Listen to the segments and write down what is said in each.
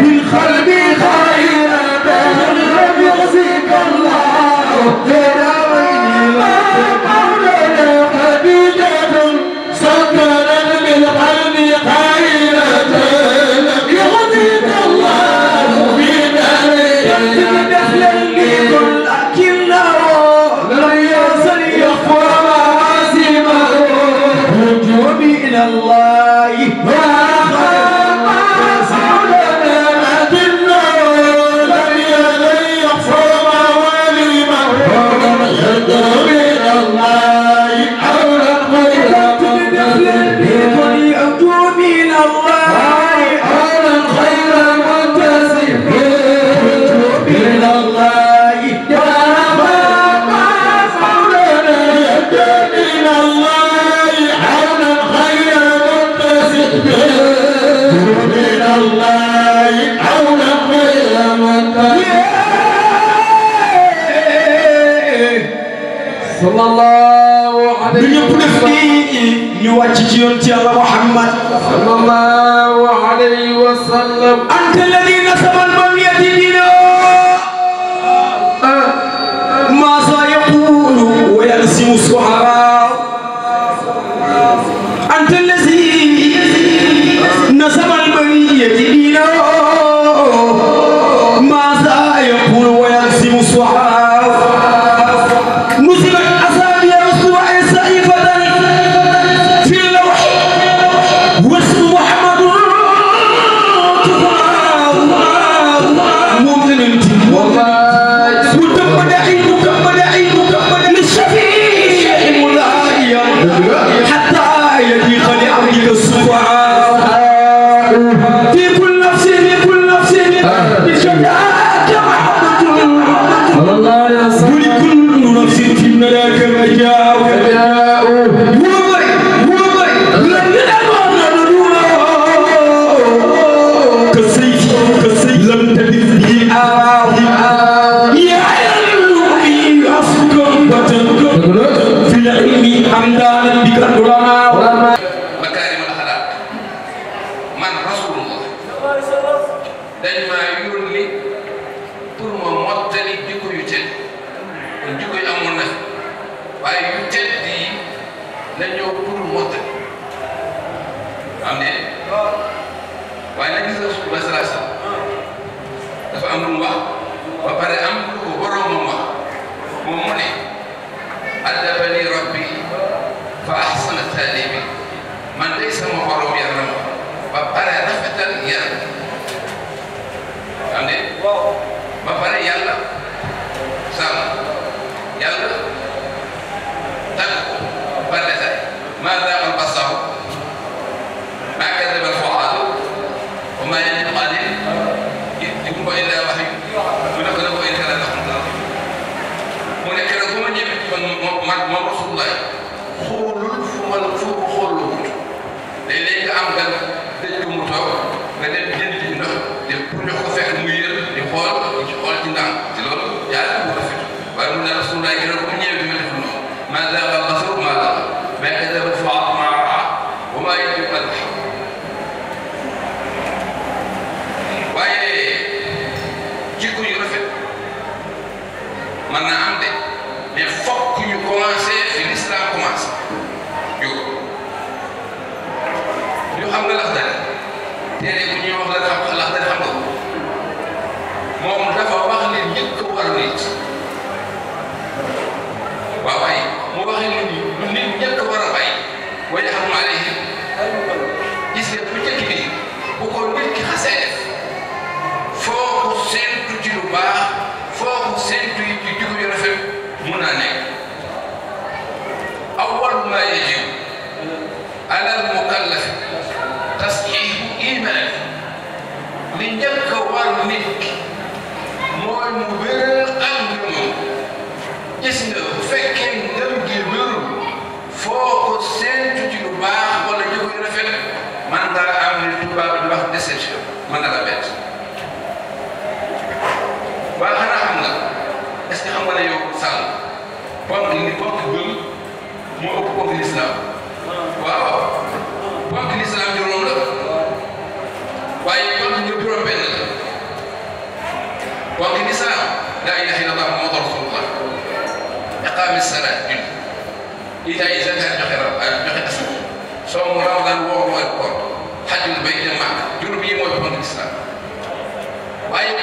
بالخلق Allah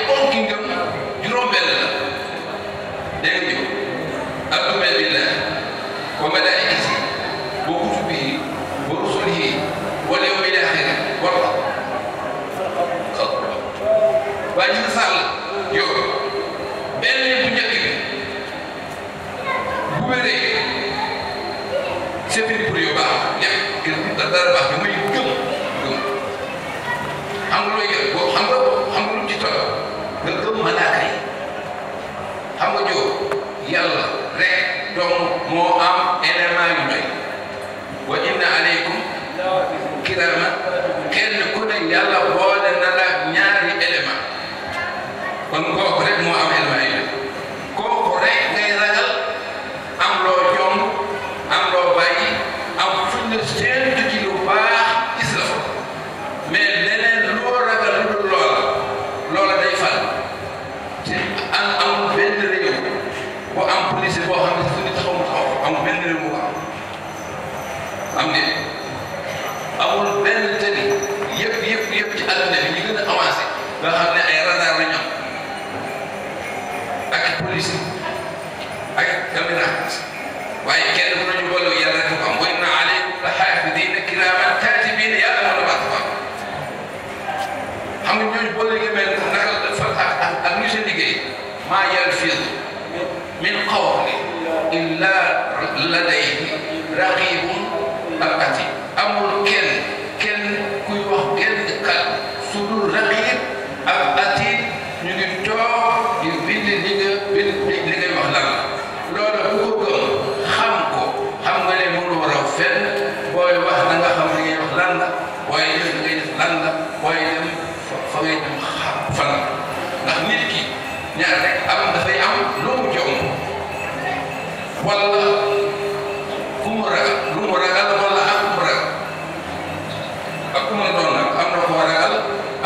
Hong Kong Kingdom wala ku mu ragal lu mu ragal ak ku mu ragal ak ku mu doon nag am na koo ragal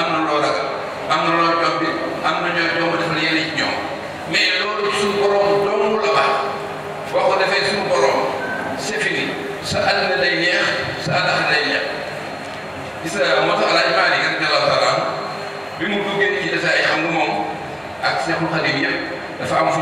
am na loo ragal am defee suñu ak Seexul Xadiim dafa am fu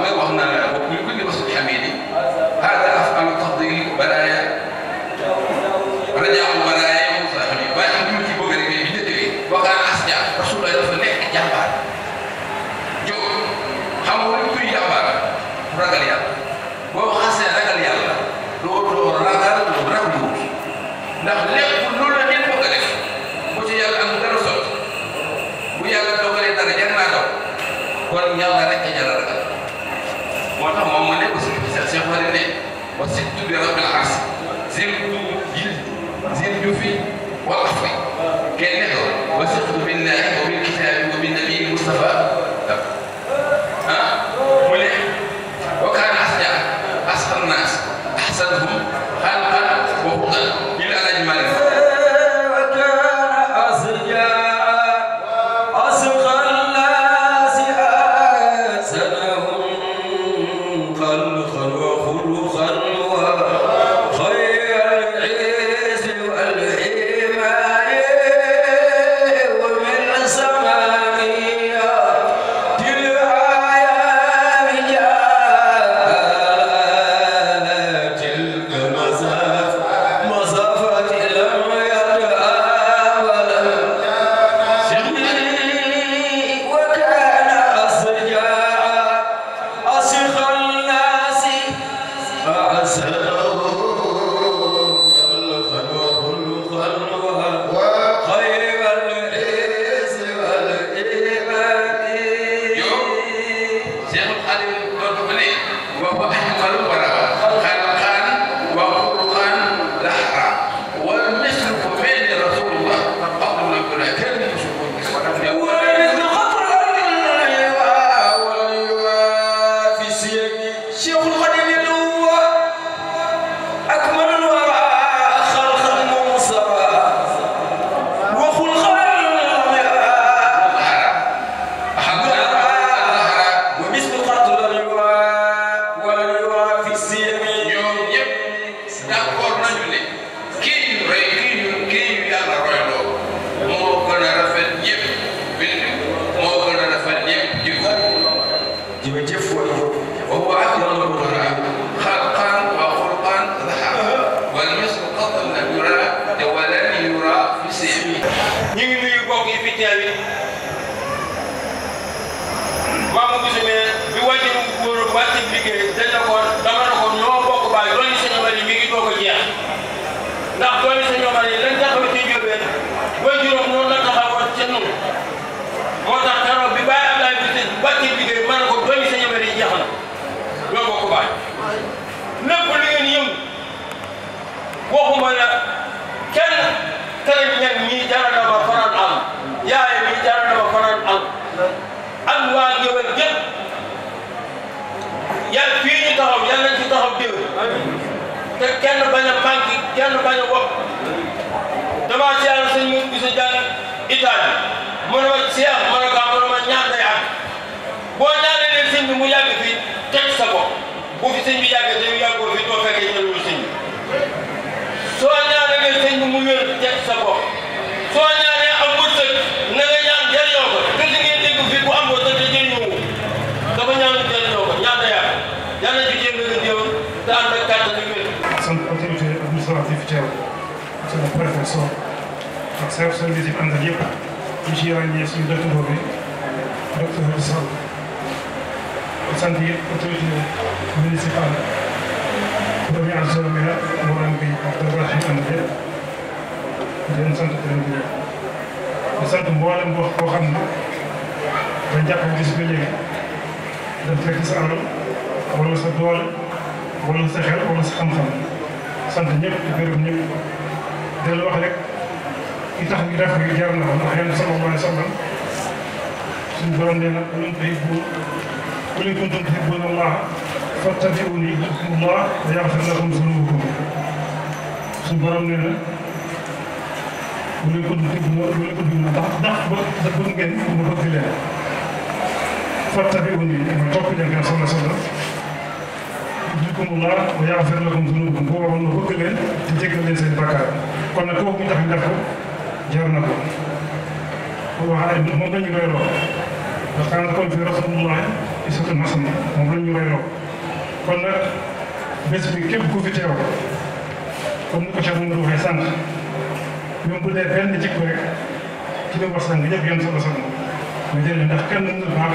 nga wax na la wa min kulli wasfin hamidin hada af'alu tafdili baraaya rajaa baraaya yow saxami waaye xam nga ci bëgg rek bi ñu déggee waxaan asja rasulullah dafa nekk jàmbaar jóg xam nga lu kuy jàmbaar ragal yàlla boo xasee ragal yàlla doo doo ragal doo raglu ndax lépp loolu la ngeen bëgg a def bu ci yàlla am dara sot bu yàlla dogalee dara jar naa daw kon yàlla rek a jaral moo tax moom mu ne aussi seen Cheikh Fary ne wa sittu bi rabbil arsi zil jil zil jufi wal afwi kenn ne ko wa sittu billahi wa bil kitabi wa bin nabi Mustafa ah mu ne wa kaana asja asxan naas ahsanahum te kenn bañ a manqué kenn bañ a wopp damaa siyaare sëñ mu bisa jàng Italie mu ne ma seex ma ne ko mu ne ma ñaan day am boo ñaanee leen bi mu yàgg fii teg sa bopp bu fi bi yàggee te yàggoo fi doo bi soo ñaanee leen sëñ sa bopp soo teew sama professeur ak sa service yi àndal yëpp ñu ci ràññee suñu docteur bi docteur bi Sall sant yëpp autorité municipale premier adjoint bi la Mourane bi ak docteur Rachid ànd yëpp di leen sant di leen gërëm di sant mboolem boo koo xam ne ba jàpp gis ba léegi daf fekk sa alal wala sa doole wala sa xel wala sa xam-xam sant ñëpp di gërëm ñëpp di leen wax rek li tax ñu def yu jar na ko ndax yéen sallallahu alayhi wa sallam suñu borom nee na ñun tey bu ku li kuntum tuhibbuuna Allah fattabi'uuni yuhbibkumu Allah wa yaghfir lakum zunuubakum suñu borom nee na ku li kuntum tuhibbuuna ku li kuntum tuhibbuuna ndax ndax ba da bëgg ngeen ma bëgg leen fattabi'uuni ma topp leen ngeen sallallahu alayhi wa sallam yuhibbukumullah wa yaghfir lakum dhunubakum boo waxoon na bëgg leen te jéggal leen seen kon nag kooku ñu tax ñu def ko jar na ko waaw waaye moom ñu doy loo ndax xanaa fi rasulullah isatun hasana moom la ñu doy loo kon nag bés bi képp ku fi teew comme ni ko Cheikh Mamadou waxee sànq même bu dee benn jikko rek ci li wax sànq ñëpp yéen solo solo nga jëlee ndax kenn mënul baax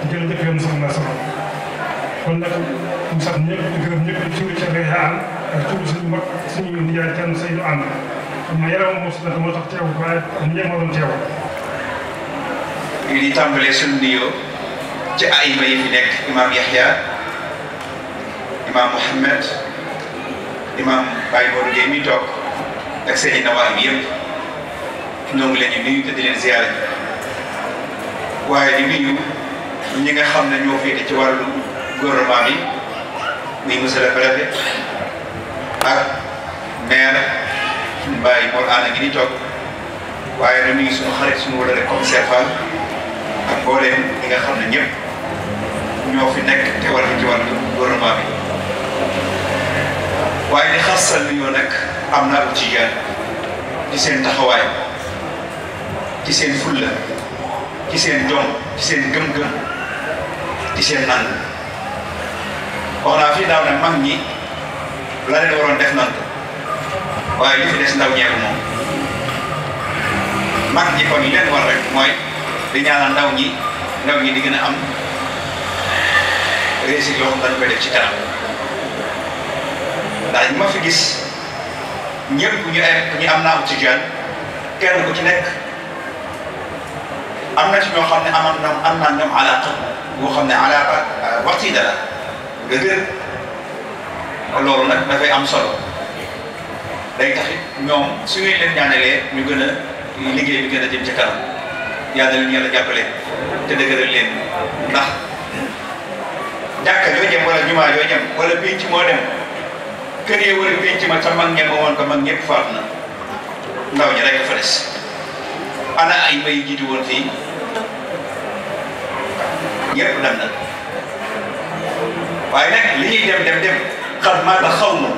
te jëlee ñëpp yéen solo naa solo. kon nag ñu sant ñëpp di gërëm ñëpp di tudd ca Réha ànd ak tudd suñu mag suñu nijaay yaram moo si nag tax teew waaye ñëpp moo doon teew. ñu ngi tàmbalee suñu nuyoo ci ayima yi fi nekk imaam Yahya imaam Mouhamed imaam Baye Modou Gueye mi toog ak seen i nawaay bi yëpp ñoo ngi leen di nuyu te di leen ziyaare waaye di nuyu nga xam ne ñoo féete ci wàllu. gouvernement yi muy monsieur le préfet ak maire suñu bàyyi Mor Anna ngi di toog waaye nag ñu suñu xarit suñu wala rek commissaire Fall ak booleem li xam ne ñëpp ñoo fi nekk te war fi ci wàllu gouvernement bi waaye di xasal li ñoo nekk am na ab tijaan ci seen taxawaay ci seen fulla ci seen jom ci seen gëm-gëm ci seen nang wax naa fii daaw nag mag ñi la leen waroon def nañ waaye li fi des ndaw ñeeku moom mag ñi kon li war rek mooy di ñaanal ndaw ñi ndaw ñi di gën a am réussite yoo xam dañ ci kanam ndax ma fi gis ñëpp ñu ay ñu am naa étudiant kenn ku ci nekk am na ci ñoo xam ne amoon na am naa ñoom alaaka boo xam ne alaaka waxtu yi dara. dëgër loolu nag dafay am solo day taxit ñoom su ngeen leen ñaanalee ñu gën a liggéey bi gën a jëm ci kanam yàlla leen yàlla jàppale te dëgëral leen ndax jàkka yoo jëm wala jumaa yoo jëm wala pénc moo dem kër yi wala pénc ma ca mag ñem woon ko mag ñëpp faat na ndaw ñi rek dafa des ana ay may jiitu woon fii ñëpp dem na waaye nag li ñuy dem dem dem xar maata xawmun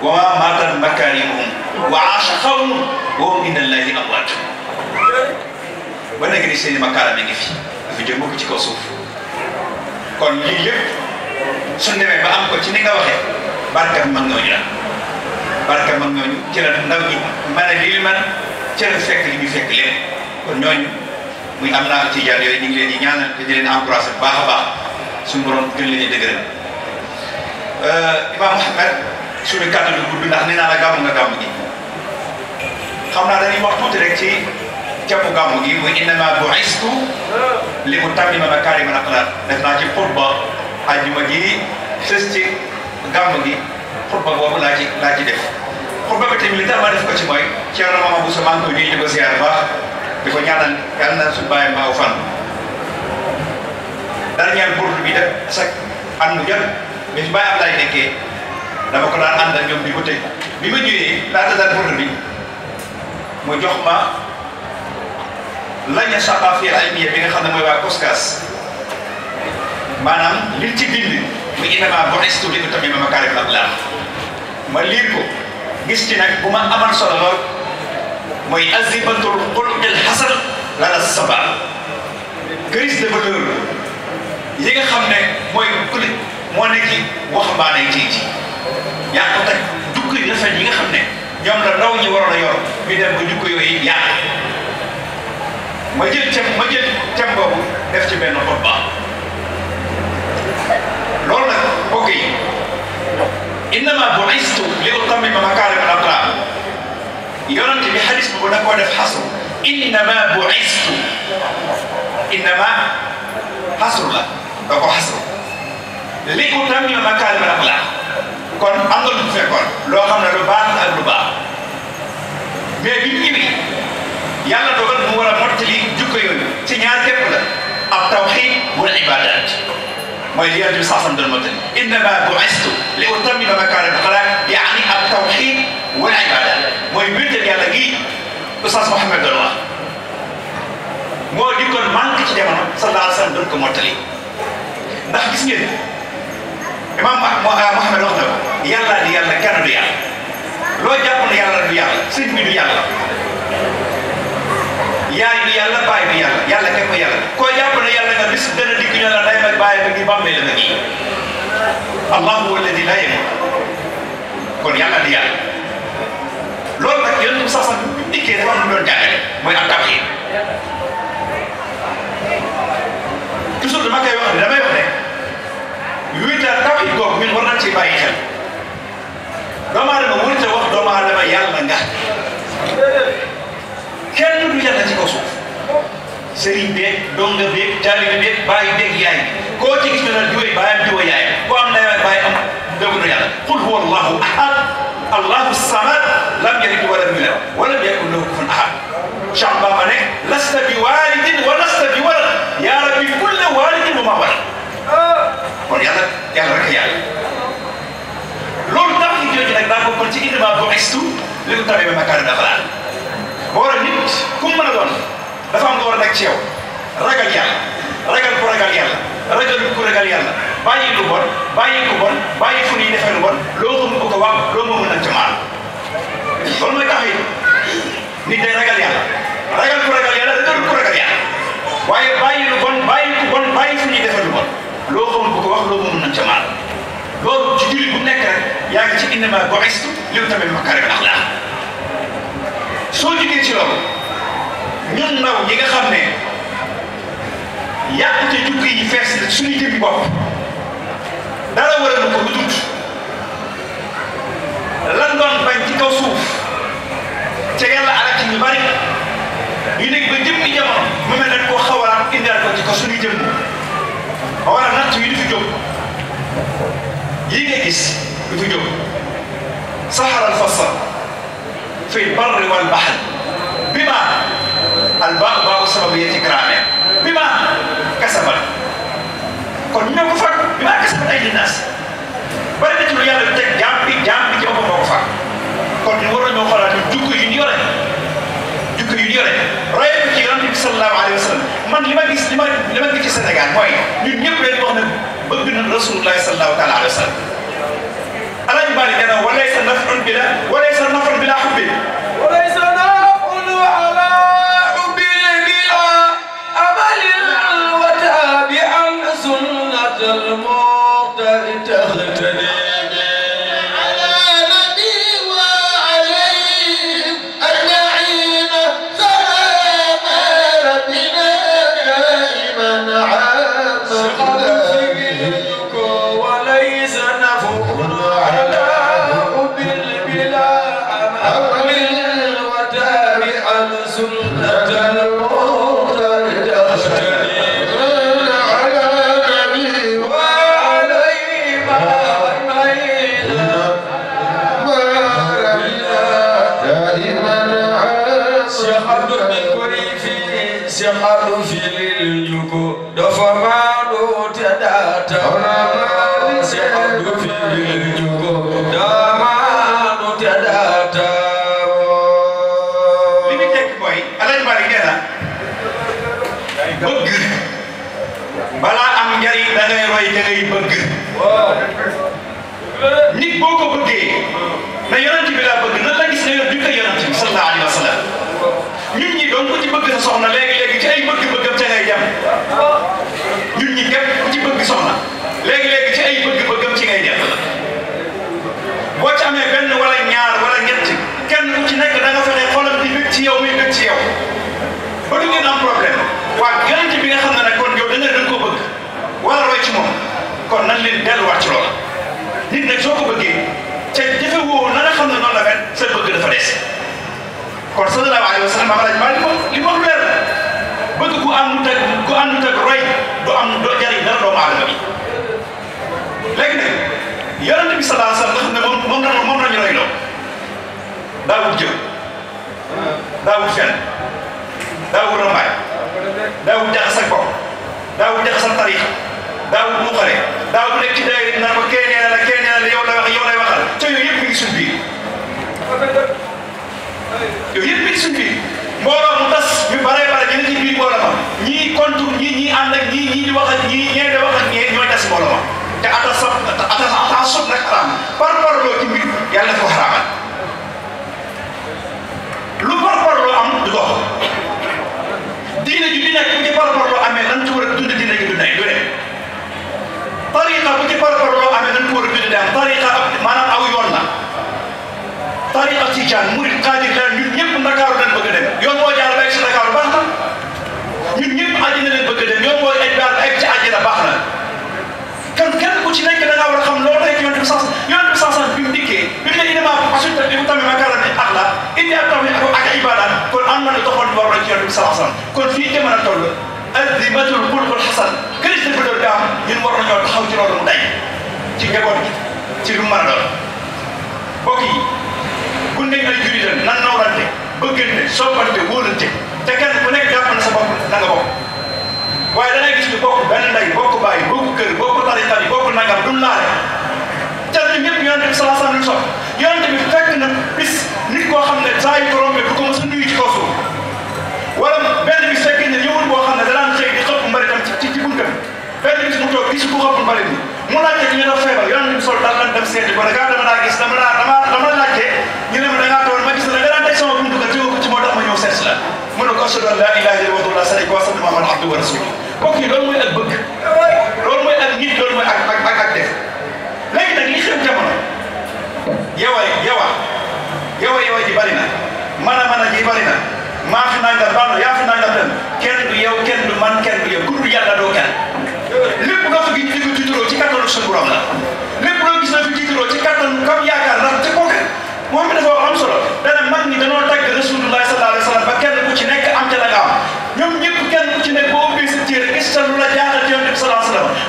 wa maa maatat makaarimuhum wa aasha xawmun wa hum inda llaahi amwaat ba nekk ni seeni makaarama ngi fi dafa jëm ko ci kaw suuf kon lii lépp suñ demee ba am ko ci ni nga waxee barka mag ñooñu la barka mag ñooñu ci la ndaw ñi mën a lii ci la fekk li ñu fekk leen kon ñooñu muy am naa ci jaar yooyu ñu ngi leen di leen encouragé bu baax a baax suñu borom gën leen di dëgëral euh, Imam Mouhamed suñu kàddu gi gudd ndax nee naa la gàmm nga gàmm gi xam naa dañuy wax tuuti rek ci jàppu gàmm gi wa innama bu'istu li utammima makaarima al-axlaaq def naa ci xutba àjjuma ji sës ci gàmm gi xutba boobu laa ci laa ci def xutba bi tamit li tax ma def ko ci mooy Thierno Mamadou Bousso maa ngi koy nuyu di ko ziar baax di ko ñaanal yàlla na suñu bàyyi mbaaw fan. dernière bourde bi def sec at mu jot mais su bàyyi Ablaye nekkee dama ko bi ma ñëwee laata daal bourde bi mu jox ma lañu saqaafiya almiya bi nga xam ne mooy waa Koskas maanaam liñ ci bind mu innamaa bu'istu li utammima makaarima al-axlaaq ma liir ko gis ci nag bu ma amal solo lool mooy azimatul xulqil xasan lana sabaa crise de yi nga xam ne mooy kulit moo nekk ci waxambaane yi tey yaa nga xam ne ñoom la ndaw ñi waroon a yor ñu dem ba ma jël cem ma jël cem boobu def ci benn xutba loolu nag mbokk yi innama bu'istu li utammima makaarima al-axlaaq yonent bi xadis boobu da koo def xasu innama bu'istu innama xasu la da ko xas li ku tam ñu makaarim al kon am na lu mu fekkoon loo xam la ak lu baax mais bi mu ñëwee yàlla dogal mu war a ci ñaar képp la ab tawxiid wal ibaadaat mooy li yàlla bi saasam doon mottali innamaa bu'istu li utammima makaarim al axlaaq yaani ab tawxiid wal ibaadaat mooy wéetal yàlla gi Oustaz Mouhamed doon wax moo di kon manque ci jamono sallallahu alayhi wa sallam doon ndax gis ngeen imam Muhammad wax na ko yàlla di yàlla kenn du yàlla loo jàpp ne yàlla du yàlla sëñ bi du yàlla yaay du yàlla baay du yàlla yàlla kenn ko yàlla koo jàpp ne yàlla nga bis dana dikk ñu la day mag baay ba ngi bàmmeel la ngi allahu alladi laa yamut kon yàlla di yàlla loolu nag yéen mu sax sax dikkee dafa am lu doon jàngale mooy ak tawxiid toujours dama koy wax damay wax daal tawhid googu ñun war nañ ci bàyyi xel doomu aadama mënut a wax doomu aadama yàlla nga kenn du yàlla ci kaw suuf sëriñ beeg donga beeg taalibe beeg bàyyi beeg yaay koo ci gis ne nag diwee baayam diwa yaay ko am na yaay bàyyi am dëgg na yàlla qul huwa allahu ahad allahu samad lam yalid walam yulad walam yakun lahu kufuwan ahad Cheikh Bamba ne lasta bi walidin wa lasta bi walad yaa rabbi kulli walidin wa ma walad kon yàlla yàlla rek a yàlla loolu tax ñu jooju nag daa bokkal ci innamaa bu'istu li utammima makaarimal axlaaq ba war a nit ku mën a doon dafa am lu war a nekk ci yow ragal yàlla ragal ku ragal yàlla ragal ku ragal yàlla bàyyi lu bon bàyyi ku bon bàyyi fu ñuy defee lu bon loo xamul ko ko wax loo moomul nag jamaan loolu mooy tax it nit day ragal yàlla ragal ku ragal yàlla ragal ku ragal yàlla waaye bàyyi lu wax loo ma loolu ci jullit bu nekk yaa ngi ci innama bu'istu li utammima makaarimal axlaaq soo jógee ci loolu ñun ndaw ñi nga xam ne yàqute jukki yi fees na suñu jëmmi bopp dara waral na ko lu dund lan doon ci kaw suuf te yàlla alal ci ñu bari ñu nekk ba jëmmi jamono mu mel ne koo xawalaat indiwaat ko ci kaw suñuy jëmm. ba war a natt yi du fi jóg yii ngay gis fi jóg saxaral fasal fi barri wal baxri bi ma albaax baaxu sababu yee ci bi ma kasabat kon ñoo ko bi ma kasabat ay dinaas bari na ci lu yàlla teg jaam bi jaam bi ci boppam moo ko fàq kon a ñoo xoolaat ñu jukko yore royee ko ci yonent bi sallallahu alayhi wa sallam man li ma gis li ma li ma gis ci Sénégal mooy ñun ñëpp leen wax ne bëgg na rasulullahi sallallahu taala alayhi wa sallam alaaj bari nee na walay sa nafrun bi la walay sa nafrun bi la xubbi walay sa nafrun ala xubbi bila amalin wa tabian sunnat al Cheikh Abdou min kori fii Cheikh Abdou filil ñuko dafa maandu te daata Cheikh Abdou filil ñuko daa maandu te daata li mu tekk mooy alañ bari nee na bëgg balaa am njariñ da ngay roy da ngay bëgg nit boo ko bëggee na yonent bi laa bëgg na bëgg soxna léegi léegi ci ay bëgg-bëggam ca ngay jàpp ñun ñi képp ku ci bëgg soxna léegi léegi ci ay bëgg-bëggam ci boo ci benn wala ñaar wala ñett kenn ci nekk da nga fexe di bëgg ci yow muy bëgg ci yow ba du ngeen am problème waaye garanti bi nga xam ne nag kon yow da nga ko bëgg wala roy ci moom kon nan leen delluwaat ci loolu nit nag soo ko bëggee ca jafe woowu na nga xam ne noonu la mel sa bëgg dafa des. kon sallallahu alayhi wa sallam amalaj maa li ma li ma leer bëgg ku àndut ak ku àndut ak roy du am doo jariñ dara doomu aadama bi léegi nag yonent bi sallallahu alayhi wa sallam nga xam ne moom moom moom la ñu roy loo daawul jëw daawul fen daawul rambaay daawul jaxas ak bopp daawul jaxas ak tariixa daawul muuxale daawul nekk ci daawul naan ko kee nee na la kee nee na la yow la wax yow lay waxal ca yooyu yëpp mi ngi suñ biir yooyu yëpp it suñ biir mbooloo mu tas ñu baree bare ñu ne ci biir mbooloo ma ñii kontur ñii ñii ànd ak ñii ñii di wax ak ñii ñee di wax te ata sa ata ata sot nag xaraam par parloo ci mbir ko xaraamal lu par parloo am du dox diine ju di nekk bu ci par parloo amee lan ci war a dund diine ju du nekk du ne tariqa bu ci par parloo amee lan ci war a dund daan tariqa maanaam aw yoon tariqa ci jaan murid yaa taw ak ak ay ibaadaat kon am na lu doxoon war ci yonent bi sallallahu alayhi wasallam kon fii jamono toll azimatul xulqul xasan këri si bëdoo daam ñun war nañoo taxaw ci loolu mu day ci njaboot gi ci lu mën a doon mbokk ku nekk ay juridan nan nawlante bëggante soppante wóolante te ku nekk jàpp na sa bopp na bokk waaye da ngay gis ni bokk benn ndey kër bokk tari tari bokk nangam du laale jar ñun ñëpp yonent bi sallallahu alayhi yonent bi fekk na bis nit koo xam ne saa yu ko rombee du ko mos a nuyu ci kaw suuf wala benn bis fekk na ñëwul boo xam ne danaan xëy di xëpp mbaritam ci ci buntam benn bis mu toog gis bu xëpp mbarit bi mu laajte ñu dafa feebar yonent bi sol daal lan dem seeti ko dangaa dama daa gis dama daa dama dama la laajte ñu ne ma dangaa toog ma gis ne dangaa daj sama ko ci moo tax ma ñëw seet mu ne ko ashhadu an laa ilaaha illallaah sadaqa wa sallam Muhammad abdu wa rasul mbokk yi loolu mooy ak bëgg loolu mooy ak nit loolu mooy ak ak yewa yewa yewa yewa ji bari na mana mana ji bari na maa fi nangam baal na yaa fi nangam dem kenn du yow kenn du man kenn du yow ku dul yàlla doo kenn lépp nga fi gis di tiitaroo ci kattanu suñu borom la lépp loo gis na fi tiitaroo ci kattanu kam yaakaar la te kooku moom mi dafa wax am solo dana mag ñi danoo tagg rasulullah sallallahu alayhi wa sallam ba kenn ku ci nekk am ca la nga am ñoom ñëpp kenn ku ci nekk boo ubbee sa téere gis sa lu la jaaxal ci yonent bi sallallahu alayhi wa sallam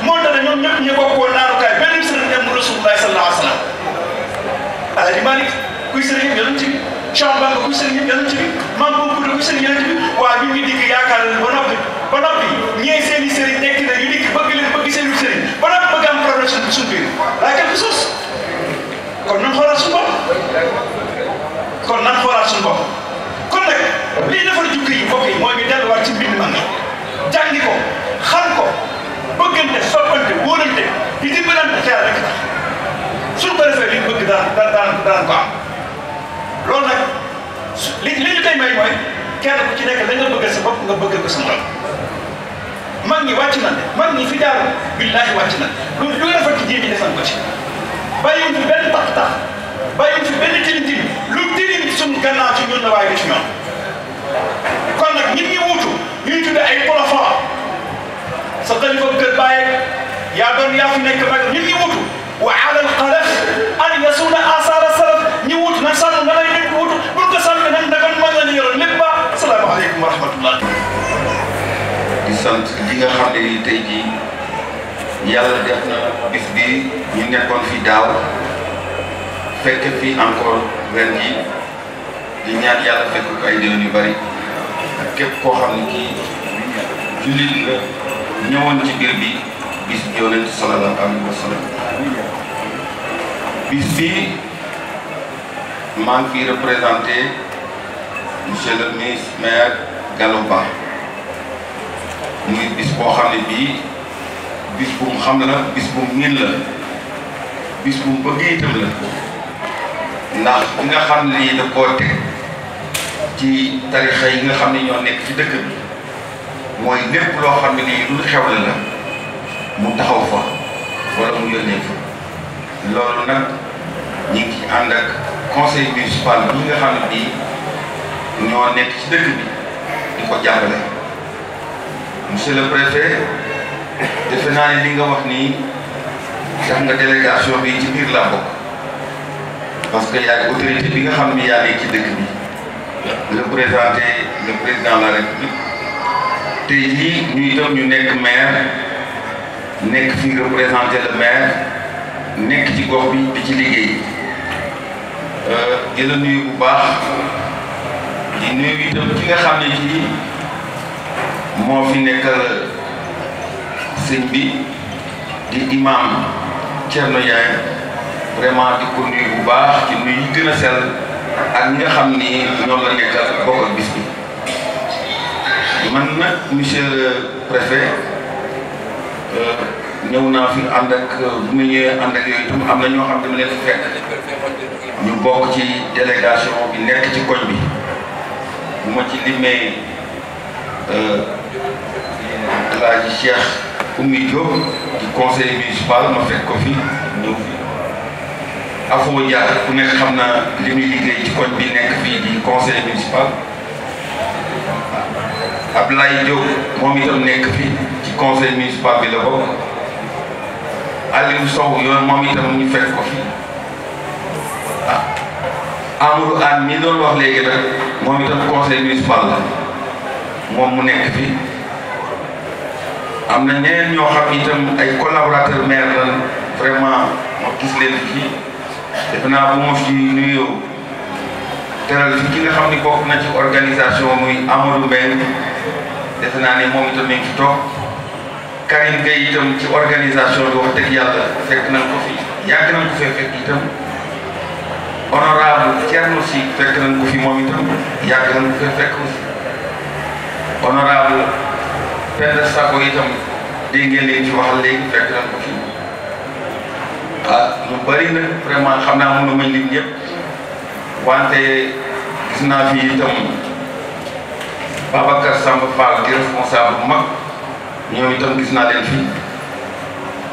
Cheikh Bamba kuy seen yonent bi Maam Bamba Kounta kuy seen yonent bi waaw ñun ñu dikk yaakaar leen ba noppi ba noppi ñee seen i sëriñ nekk na ñu dikk bëgg leen bëgg seen i sëriñ ba noppi bëgg am problème suñ suñ biir waaye quelque chose kon nan xoolaat suñu bopp kon nan xoolaat suñu bopp kon nag lii defar jukki yi mbokk yi mooy ñu delluwaat ci mbind mag jàngi ko xam ko bëggante soppante wóorante di dimbalante teel rek suñu ko defee li bëgg daan daan daan ko am loolu nag li li ñu koy may mooy kenn ku ci nekk la nga bëggal sa bopp nga bëggal ko sa morom mag ñi wàcc na mag ñi fi jaar billaahi wàcc na lu lu rafet ci jéem yi defal ko ci bàyyiwuñ fi benn tax tax bàyyiwuñ fi benn tilim tilim lu tilim suñ gannaaw ci ñun la waaye du ci ñoom kon nag ñun ñu wuutu ñuy tudde ay profond sa xalifa kër bàyyi yaa doon yaa fi nekk mag ñun ñu wuutu wa alal xalaf an yasuna asara salaf ñu wuutu nag sànn nga lay asalaamaaleykum wa di sant li nga xam ne ni tey jii yàlla def na bis bi ñu nekkoon fi daaw fekk fii encore ren jii di ñaan yàlla fekk ko ay déwén yu bari ak képp koo xam ne kii jullit nga ñëwoon ci biir bi bis bi yonent sallallahu alayhi wa bis bi maa ngi fi représenté. monsieur le ministre maire Gallo Ba muy bis boo xam ne bii bis bu mu xam ne bis bu mu miin la bis bu mu bëgg itam la ndax li nga xam ne lii da koo teg ci tarixa yi nga xam ne ñoo nekk ci dëkk bi mooy lépp loo xam ne lii lu xew la mu taxaw fa wala mu yónnee fa loolu nag ñu ngi ànd ak conseil municipal bi nga xam ne bii. ñoo nekk ci dëkk bi di ko jàngale monsieur le préfet defe naa ne li nga wax nii tax nga délégation bi ci biir la bokk parce que yaay autorité bi nga xam ni yaa nekk ci dëkk bi représenté le président de la république te yii ñuy itam ñu nekk maire nekk fi représenté le maire nekk ci gox di ci liggéey euh, di la nuyu bu baax di nuyu itam ki nga xam ne kii moo fi nekkal sëñ bi di imam Thierno Ndiaye vraiment di ko bu baax ci nuyu gën a sell ak ñi nga xam ni ñoom la nekkal bokk ak bis bi man nag monsieur le préfet euh, ñëw naa fi ànd ak bu ma ñëwee ànd ak yooyu itam am na ñoo xam ne dama leen fi fekk ñu bokk ci délégation bi nekk ci koñ bi bu ma ci limee euh, El Hadj Cheikh Oumy Diop di conseil municipal ma fekk ko fi ñëw fi Afo Dia ku nekk xam naa li muy liggéey ci koñ bi nekk fii di conseil municipal Ablaye Diop moom itam nekk fi ci conseil municipal bi la bokk Aliou Sow yoon moom itam ñu fekk ko fi ah. Amadou Anne mii doon wax léegi nag moom itam conseil municipal moom mu nekk fi am na ñeneen ñoo xam itam ay collaborateur maire la vraiment ma gis leen fii defe naa bu ma fi nuyoo teral fi ki nga xam ni bokk na ci organisation muy Amadou Mbengue defe naa ne moom itam mi ngi fi toog Karim itam ci organisation bi wax dëgg yàlla fekk nañ ko fi yàgg nañ ko fekk itam. honorable Thierno Sy fekk nañ ko fi moom itam yàgg nañ ko fekk aussi honorable Penda Sakho itam dégg ngeen ko fi ah xam naa mënu ma lim wante gis naa fi itam Babacar Samb Fall di naa leen fi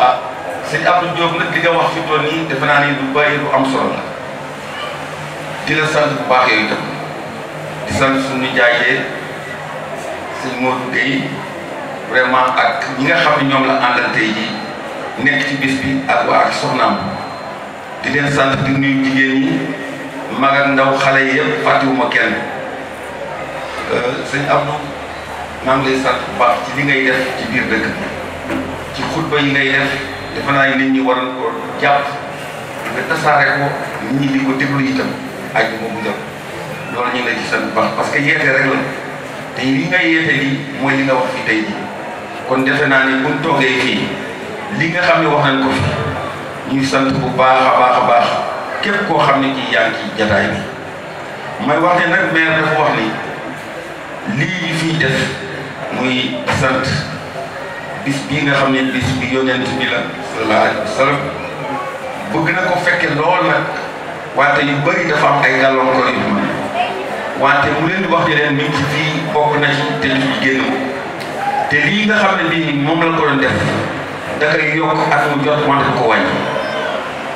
ah sëñ Abdou Diop nag li wax fi toll nii defe naa ni du bëri du am solo di la sant bu baax yooyu tam di sant suñu jaayee sëñ Modou Gueye vraiment ak ñi nga xam ne ñoom la àndal tey jii nekk ci bis bi ak waa ak soxnaam di leen sant di nuyu jigéen ñi mag ak ndaw xale yëpp fàttewuma kenn euh, sëñ Abdou maa ngi lay sant bu baax ci li ngay def ci biir dëkk bi ci xutba yi ngay def defe naa nit ñi waroon ko jàpp nga tasaare ko nit ñi di ko déglu itam aj boobu jot loolu ñu ngi lay ci sant baax parce que yeete rek la te li nga yeete nii mooy li nga wax fi tey jii kon defe naa ni buñ toogee fii li nga xam ne wax nañ ko fi ñuy sant bu baax a baax a képp koo xam ne kii yaa jataay bi may wax ne nag maire dafa wax ni lii ñu fiy def muy sant bis bii nga xam ne bis bi yonent bi la sallallahu alayhi wa sallam bëgg na ko fekke lool nag wante yu bëri dafa am ay gàllankoor yu mën wante mu leen wax ne leen mi ngi fii bokk na ci te li ci te lii nga xam ne bii moom la ko doon def da koy yokk ak mu jot wante ko wàññi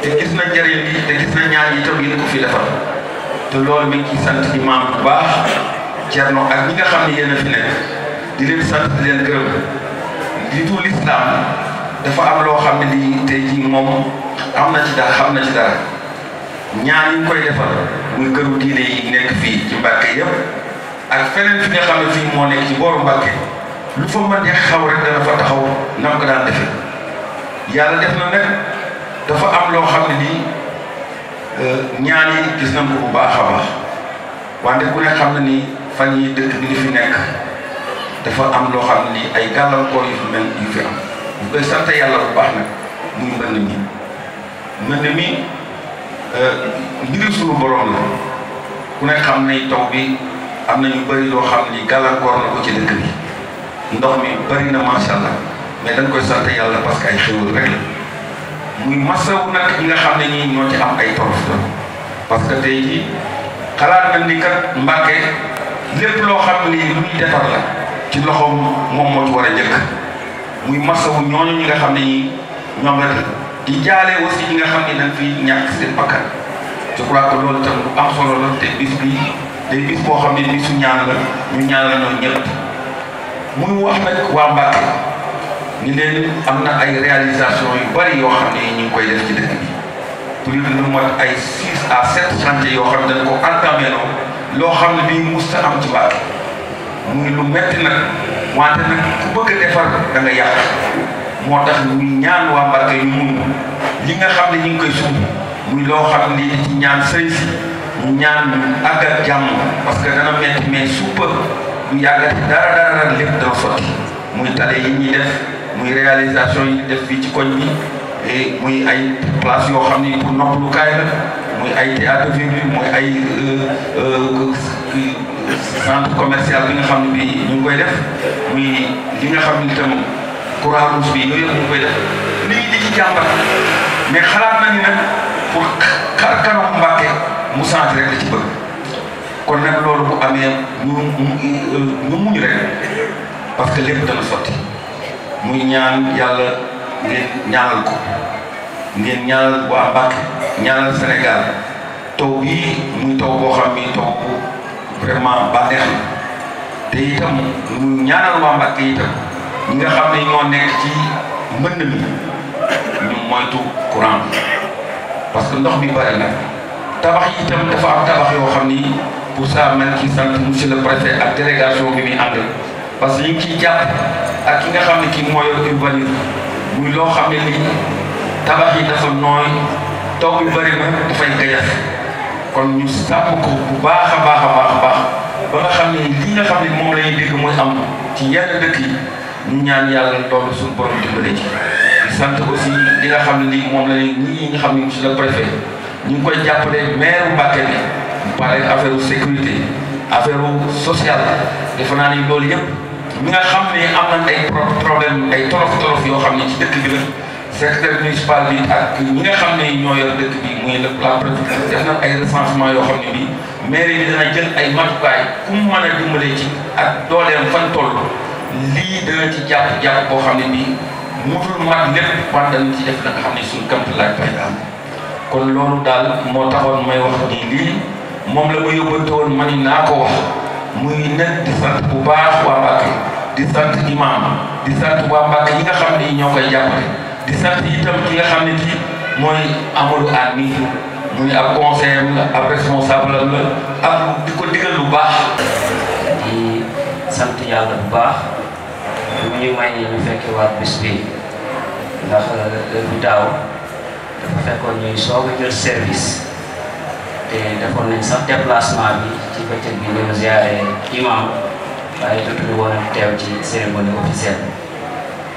te gis na njëriñ bi te gis na ñaan yi itam yéen ko fi defal te loolu mi ngi ciy sant imaam bu baax Cerno ak ñi nga xam ne yéen fi nekk di leen sant di leen gërëm li du lislaam dafa am loo xam ne lii te jii moom am na ci dara xam na ci dara. ñaar ñu koy defal muy këru diine yi nekk fii ci Mbàkke yëpp ak feneen fi nga xam ne fii moo nekk ci booru Mbàkke lu fa mën di xaw rek dana fa taxaw nam ko daan defee yàlla def na nag dafa am loo xam ne nii euh, ñaan yi gis nañ ko bu baax a baax ne xam ne nii fan yi dëkk bi nga fi nekk dafa am loo xam ne nii ay gàllankoor yu fi mel yu fi am ñu koy sant yàlla bu baax nag muy mbënd mi Euh, ndigal suñu borom la ku ne xam ne taw bi am na ñu bëri loo xam ni gàllankoor na ko ci dëkk bi ndox mi bëri na macha allah mais dañ koy sant yàlla parce que ay xéwal rek la muy masawu nag ñi nga xam ne ñii ñoo am ay torof parce que tey jii loo xam ne ci loxoom moom moo ci war a njëkk ñi nga xam ne ñii ñoom rek la di jaale aussi ñi nga xam ne dañ fi ñàkk seen bakkan je crois loolu tam lu am solo la te bis bi day bis boo xam ne bisu ñaan la ñu ñaanal ñoom ñëpp muy wax nag waa Mbàkke ni leen am na ay réalisation yu bari yoo xam ne ñu koy def ci bi plus lu mat ay six à sept chantiers yoo xam ne dañ ko entamé loo xam ne bii mus ta am ci Mbàkke muy lu metti nag wante nag ku bëgg defar da nga yàq moo tax ñu ñaan waa Mbàkke yu mun li nga xam ne ñu ngi koy suuf muy loo xam ne ñaan sëriñ si mu ñaan àgg jàmm parce que dana metti mais suupa du yàggati dara dara lépp dana sotti muy tale yi ñuy def muy réalisation yi muy ay place yoo xam ni pour noppalukaay la muy ay théâtre bi muy ay euh, euh, centre commercial bi nga xam ne bi ñu ngi koy def muy li nga xam ne itam Croix bi yooyu yëpp mu koy def nit ñi di ci jàmbat mais xalaat nañu nag pour xar Mbàkke mu sant rek ci bëgg kon nag loolu bu amee ñu ñu rek parce que lépp dana sotti muy ñaan yàlla ngeen ñaanal ko ngeen ñaanal waa Mbàkke ñaanal Sénégal taw bii muy taw boo xam ni taw bu vraiment bànneex la te itam mu ñaanal waa Mbàkke itam. ñi nga xam ne ñoo nekk ci mbënd mi ñu moytu courant bi parce que ndox mi bëri na tabax yi itam dafa am tabax yoo xam ni pour ça man ci sant monsieur le préfet ak délégation bi muy ànd parce que ñu ngi ciy ak ki nga xam ne kii mooy urbanisme muy loo xam ne nii tabax yi dafa nooy taw yu bëri na dafay gajax kon ñu sàmm ko bu baax a baax a baax a baax ba nga xam ne li nga xam ne moom la ñuy dégg mooy am ci yenn dëkk yi ñu ñaan yàlla loolu suñu borom dimbale ci di sant aussi li nga xam ne lii moom la ñuy ñi nga xam ne monsieur le préfet ñu ngi koy jàppale maire Mbacké bi mu affaire sécurité affaire sociale defe naa ni loolu yëpp ñi nga xam ne am nañ ay problème ay tolof tolof yoo xam ne ci dëkk bi la secrétaire municipal bi ak ñi nga xam ne ñoo yor dëkk bi muy la la préfecture def nañ ay recensement yoo xam ne bii maire yi dana jël ay matukaay ku mu a dimbalee ci ak dooleem fan lii dana ci jàpp jàpp boo xam ne nii mutul mat lépp man dana ci def la nga xam ne suñu kamt laaj bay daal kon loolu daal moo taxoon may wax nii lii moom la ma yóbbante woon ma ni naa ko wax muy nag di sant bu baax waa Mbàkke di sant imam di sant waa Mbàkke yi nga xam ne ñoo koy jàppale di sant itam ki nga xam ne kii mooy Amadou Anne mii muy ab conseiller ab responsable la di ko digal lu baax sant yàlla bu baax mu ñu may ñu fekke waat bis bi ndax euh, bu daaw dafa fekkoon ñuy soog a jël service te defoon nañ sax déplacement bi ci bëccëg bi ñëw ziare imam waaye jotuñu woon a teew ci cérémonie officielle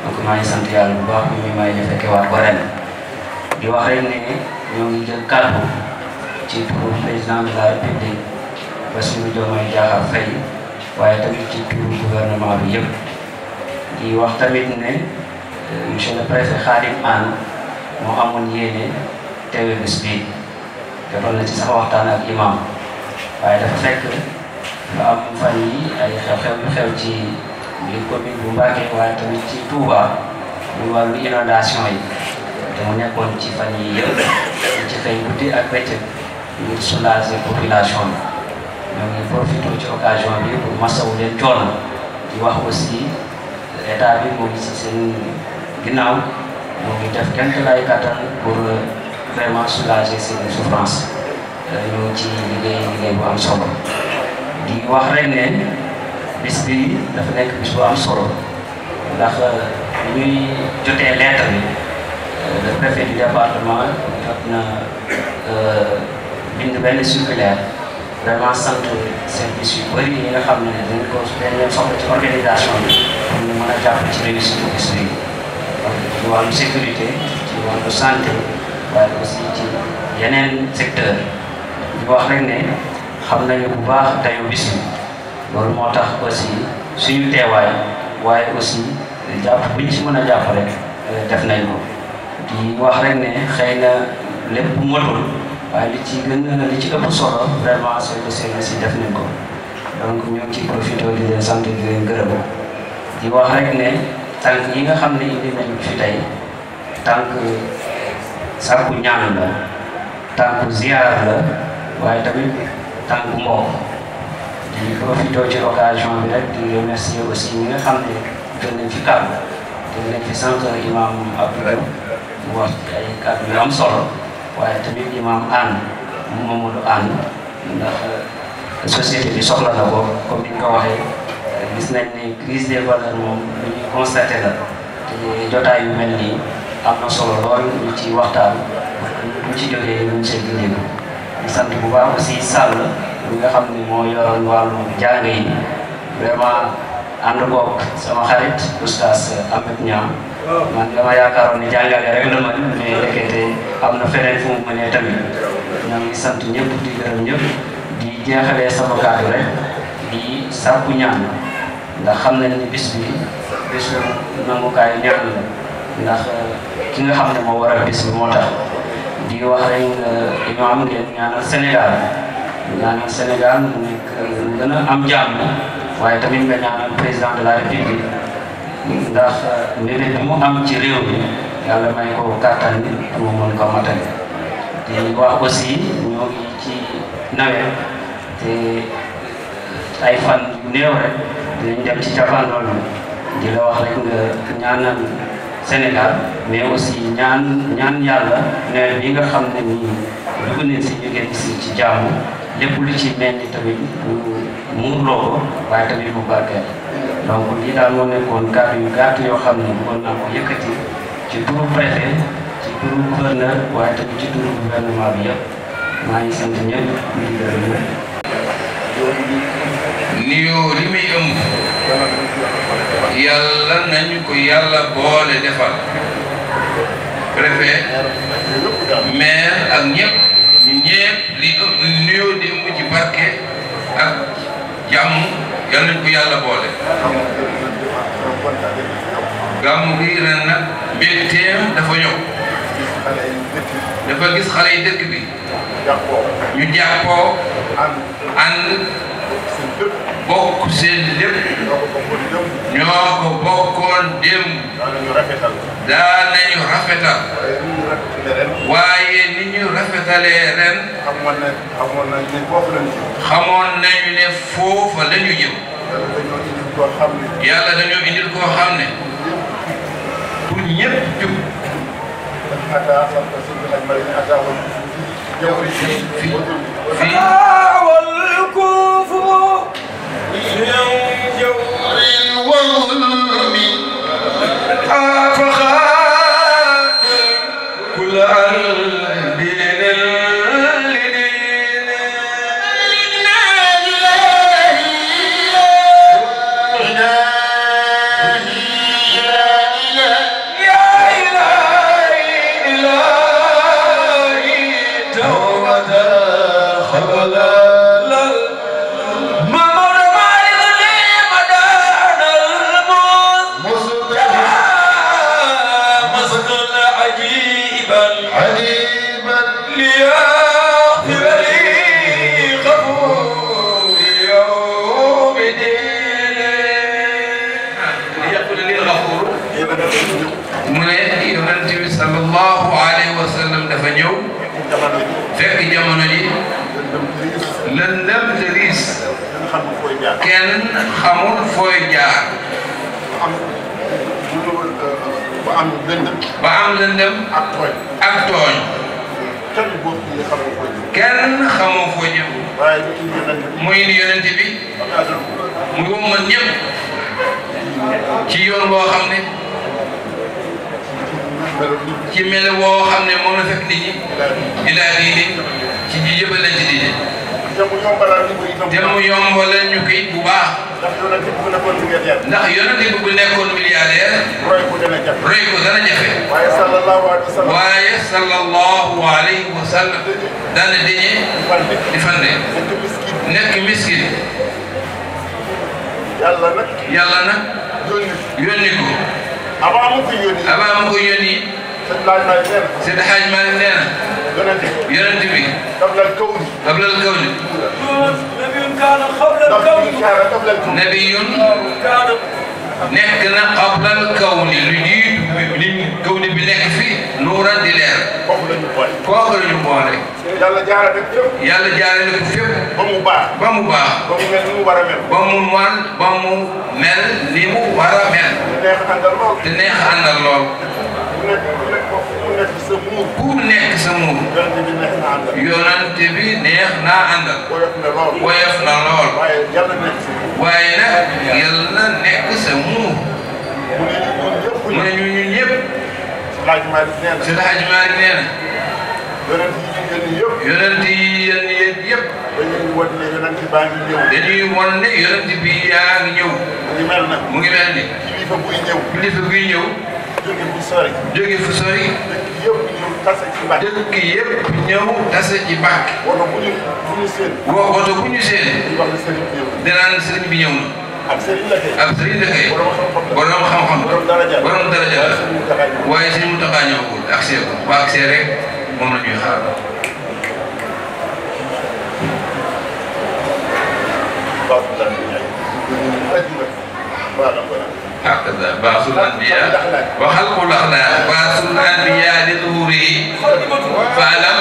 donc maa ngi sant yàlla bu baax ñu may ñu fekke waat ko ren di wax rek ne ñoo ngi jël kàddu ci turu président de la république Bassirou Diomaye Diakhar Faye waaye tamit ci turu gouvernement bi di wax tamit ne euh, monsieur le préfet Khadim Anne moo amoon yéene teewe bés bi defoon na ci sax waxtaan ak imam waaye dafa fekk dafa am fan yi xew-xew yu xew ci biir commune bu Mbacké waaye tamit ci Touba muy wàllu inondation yi te mu nekkoon ci fan yi yëpp ci xëy guddi ak bëccëg ngir soulager population bi ñoo ngi profité ci occasion bi pour masawu leen coono di wax aussi état bi moo ngi si seen ginnaaw moo ngi def kenn lay kattan pour vraiment soulager seen souffrance ñu ci liggéey liggéey bu am solo di wax rek ne bis bi dafa nekk bis bu am solo ndax ñuy jotee lettre bi le préfet du département jot na bind benn circulaire vraiment sant service yu bëri yi nga xam ne dañ ko dañ leen soxla ci organisation bi pour ñu mën a jàpp ci réussite bu ne yi donc ci wàllu sécurité ci ci yeneen secteur ñu wax rek ne xam nañu bu baax dayu bis bi loolu moo tax aussi suñu teewaay waaye aussi jàpp bu ñu si mën a jàpp rek euh, def nañ ko di wax rek ne xëy na lépp bu motul waaye li ci gën li ci ëpp solo vraiment seen service yi def nañ ko donc ñoo ngi ciy profité di leen sant di leen di wax rek ne tànk yi nga xam ne indi nañu fi tey tànk sàkku ñaan la tànk ziyaar la waaye tamit tànk mbokk di profité ci occasion bi rek di remercier aussi ñi nga xam ne gën nañ ci kàddu gën nañ fi sant imam Abdoulaye wax ay kàddu am solo. waaye tamit imaam ànd Mamadou ànd ndax euh, société bi soxla na ko comme ni nga ko waxee gis nañ ni crise des valeurs moom lu ñuy constaté la te jotaay yu mel nii am na solo lool ñu ci waxtaan ñu ci jógee ñu ci gëneeku di sant bu baax aussi Sall mi nga xam ne moo yoroon wàllu jàng yi vraiment. ànd koog sama xarit oustaz Amet Niang man dama yaakaaroon ne jàngale rek la man mais ndekete am na feneen fu mu mënee tamit ñoo ngi sant ñëpp di gërëm ñëpp di jeexalee sama kàddu rek di sàkku ñaan ndax xam nañ ne bis bi bisu nangukaay ñaan la ndax ki nga xam ne moo waral bis bi moo tax di wax rek imaam ngeen ñaanal Sénégal ñaanal Sénégal mu nekk mu gën a am jàmm waaye tamit nga ñaanal président de la république ndax mbébét bi mu am ci réew mi yàlla may ko kàttan nit mu mën ko matale te wax aussi ñoo ngi ci nawet te ay fan yu néew rek dinañ dem ci jàppal loolu di la wax rek nga ñaanal Sénégal mais aussi ñaan ñaan yàlla nawet bi nga xam ne nii dugg nañ si ñu génn si ci jàmm lépp lu ci mel ni tamit ñu. muurloo ko waaye tamit mu barkeel donc lii daal moo nekkoon kàddu yu gàtt yoo xam ne bëggoon naa ko yëkkati ci turu préfet ci turu gouverneur waaye tamit ci turu gouvernement bi yëpp maa ngi sant ñëpp di gërëm ñëpp. yàlla nañu ko yàlla boole defal préfet maire ak ñëpp. yàlla boole. gàmmu gi ren nag mbégteem dafa ñëw. dafa gis xale yi dëkk bi. ñu jàppoo. ànd. bokk seen lépp. ñoo ko bokkoon démb. daan nañu waaye ni ñu rafetalee ren. xamoon nañu ne foofa la ñu jëm. yàlla dañoo indil koo xam ne. pour ñëpp jub. fi fi amul fooy jaar. Euh, ba am lëndëm. ba ak tooñ. kenn boobu ñu muy ni yonent bi. muy wómmal ñëpp. ci yoon boo xam ne. ci melo woo xam ne moom la fekk nit ñi. ci ji yëpp lañ ci diine. te mu yombalal bu baax. ndax yonent bu nekkoon milliardaire. ndax yonent bu nekkoon milliardaire. roy ko dana jafe. roy ko dana jafe. waaye sallallahu alayhi wa sallam. waaye sallallahu alayhi wa sallam. dana dañee. di fande di fande. nekk miskin. nekk miskin. yàlla nag. yàlla nag. yónni ko yónni ko. avant mu ko yónni. avant mu ko yónni. sëñ Laaj Malick nee na. sëñ Laaj Malick nee na. yonent bi. yonent bi. qablal kawni. qablal kawni. nabi nekk na qablal kawni lu ñuy kawni bi nekk fii nuuran di leer. kooku la ñu boole. yàlla jaarale ko ba mu baax ba mu baax. ba mu mel ni mu war a mel. ba mu wan nekk sa muur. ku nekk sa na lool. waaye nag si laaj Maalik nee na. si laaj Maalik nee na. yi yéen yéen yëpp. dañuy wan ne yonent baa ngi ñëw. dañuy wan ne yonent bi yaa ngi ñëw. mu ngi mel ne. mu ngi mel ne. kilifa buy ñëw. kilifa jóge fu sori. jóge fu sori. dëkk yëpp ñëw tase ci tase ci Mbàkke. كذا بعث الأنبياء وخلق الأخلاق بعث الأنبياء لظهوره فألم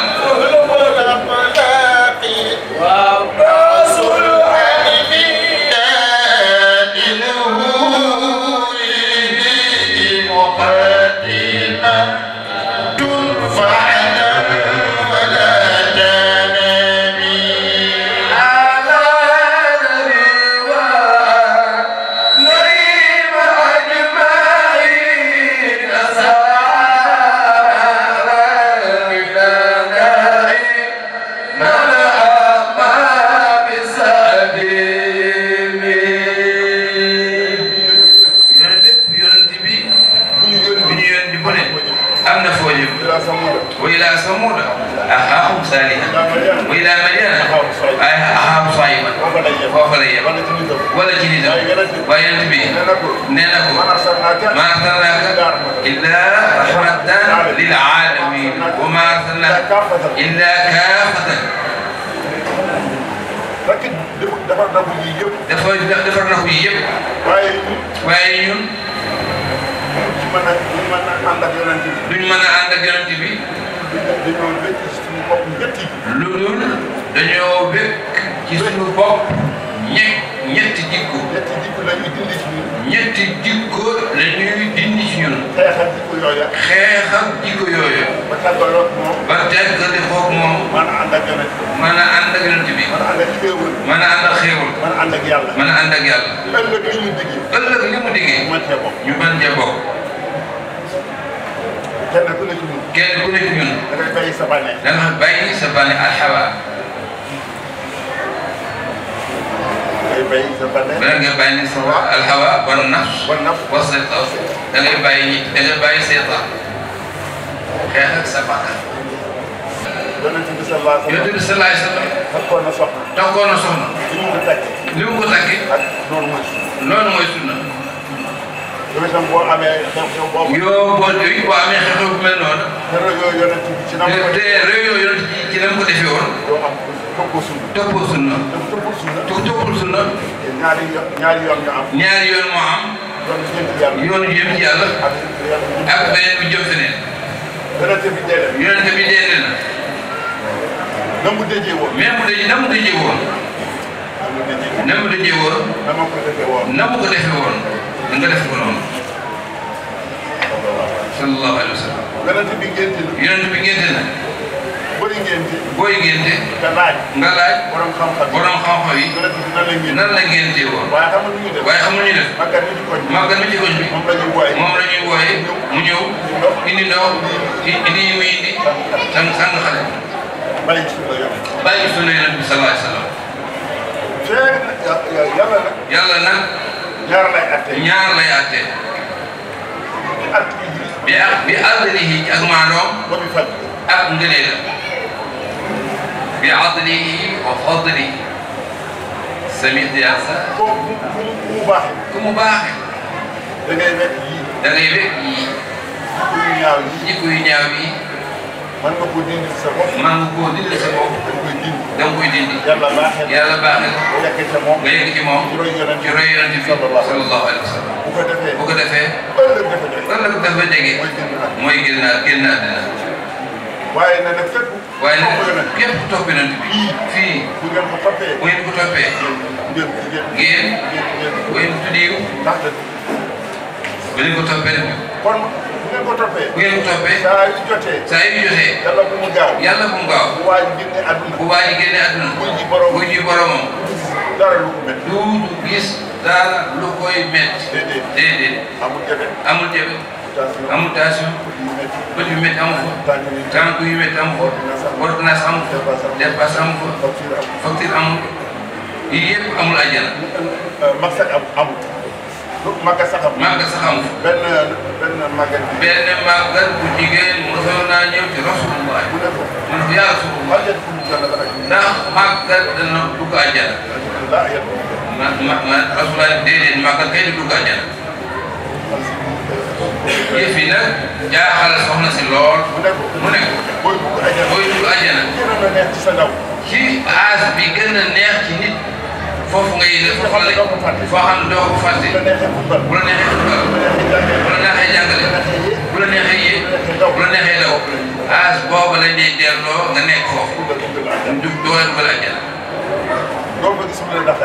kaafatan illa kaafatan lakin defar naxu yi yëpp dafa defar naxu yi yëpp waaye ñun waaye ñun duñ mën a duñ mën a ànd ak yonent bi duñ mën a ànd ak yonent bi dañoo wékk ci suñu lu dul dañoo wékk ci suñu bopp ñett ñetti jikko ñetti jikko la ba tàggatoo ak moom. ba tàggatoo ak moom. mën a ànd ak yonent bi. mën a ànd ak yonent bi. mën a ànd ak xéewal. mën a ànd ak xéewal. mën a ànd ak yàlla. mën a ànd ak yàlla. ëllëg li mu diggee. ëllëg li mu diggee. ñu mën cee bokk. ñu mën cee bokk. kenn ku ne ci ñun. kenn ku ne ci ñun. da ngay bàyyi sa bànneex. da nga bàyyi sa bànneex alxawa. da ngay bàyyi sa bànneex. da ngay bàyyi sa alxawa. wan naf. wan naf. da ngay bàyyi da ngay bàyyi seetaan xeex ak sa bakkan. yonent bi sallallahu alayhi wa na noonu mooy sunna. noonu mooy sunna. yoo boo yooyu boo amee te réew yonent bi ci ci na mu ko defee woon. yoo am toppoo sunna. toppoo sunna. toppoo yoonu jëm yoonu jëm ci yàlla. ak bi jëm yonent bi dee na. yonent bi dee na. na mu dëjee woon. mais mu dëj na mu dëjee woon. na mu dëjee woon. na mu ko defee woon. na mu ko defee woon. na nga def ko noonu. sallallahu alayhi wa sallam. yonent bi ngénte na. yonent bi ngénte na. booy ngénte. booy ngénte. nga laaj. nga laaj. borom xam-xam yi borom xam-xam yi. nan la ngénte woon. waaye xamul ñu def. waaye xamul ñu def. màggal mi ci koñ bi. màggal mi ci koñ bi. moom la ñuy wooye. moom la ñuy wooye mu ñëw. indi ndox indi yi muy indi. sang sang xale. bàyyi ci sunna yonent bi. bàyyi ci sunna yonent bi sallallahu alayhi wa sallam. yàlla nag. yàlla nag. ñaar lay àtte. ñaar lay àtte. bi at bi at bi àll bi ak maandoom. ak ngëneel la. بعدله وفضله sami diyaasa. kooku mu mu mu baaxee. ku mu baaxee. da ngay wekk yii. da ngay wekk yii. jikko yu ñaaw yi. jikko yu ñaaw yi. mën nga koo dindi sa bopp. mën nga koo dindi sa bopp. da nga koy dindi. da nga koy dindi. yàlla baaxee la yàlla baaxee la. nga yegg ci moom nga yegg ci moom. ci roy yonent bi sallallahu alayhi wa sallam. bu ko defee bu ko defee. ëllëg dafa jege. mooy génnaat génnaat dina. waaye nag fépp. waaye nag képp ku topp yonent bi fii bu ngeen ko toppee ngeen ngeen tuddiw bu ngeen ko toppee nag kon bu ngeen saa yu yu jotee yàlla bu mu bu mu gaaw bu waa ji génne àdduna bu waa ji génne àdduna du gis dara lu koy métti déedéet amul amul tension bët yu métti amu fa tànk yu métti amu fa ordonnance amu fa dépasse amu amul àjjana. mag sax amul. màggat sax amul. bu jigéen mosoon naa ñëw ci Rasulullah. mu ne ko mu ne ko yaa Rasulullah. ndax màggat dana dugg àjjana. ma ma ma yëf yi nag jaaxal soxna si lool mu ne booy dugg àjjana ci aas bi gën a neex ci nit foofu ngay def xolli foo xam doo ko fàtte bu la neexee football bu la neexee jàngale bu la neexee yéeg bu la neexee daw aas boobu la ñuy delloo nga nekk foofu dug doole dugal àjjana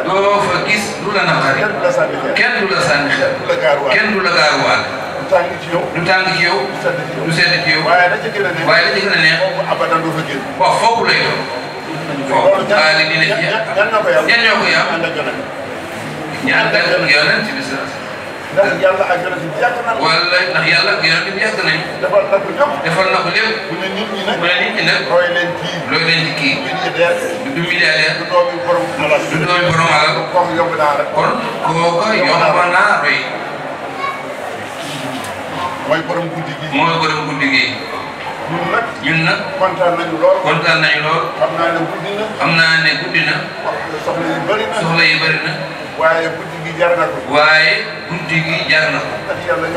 doo fa gis lu la naqari doo fa gis lu la naqari kenn du la sànni xel kenn du la gaaruwaale du tàng ci yow. du tàng ci yow. du sedd ci yow du sedd ci yow. waaye la ca gën a neex. waaye la ca gën a neex. foofu abadan doo fa génn. waaw foofu lay doon. foofu daal di dina ci yàq. ñan ñoo ko yàq ñan ñoo ko yàq. ñaan ak yonent bi sa. ndax yàlla ak yonent bi yàq na. wala ndax yàlla ak yonent bi yàq nañu. defal na ko lépp. defal na ko lépp. bu ne nit ñi nag. bu ne nit ñi nag. looy leen kii. looy leen kii. du milliardaire. du doomi borom alal. du doomi borom alal. kon kooka yomb naa roy. mooy borom guddi gi. mooy nag. ñun kontaan nañu lool. kontaan nañu lool. xam naa ne guddi soxla yi bëri na. waaye guddi gi jar na ko. waaye guddi gi jar na ko. ndax bi la bëgg.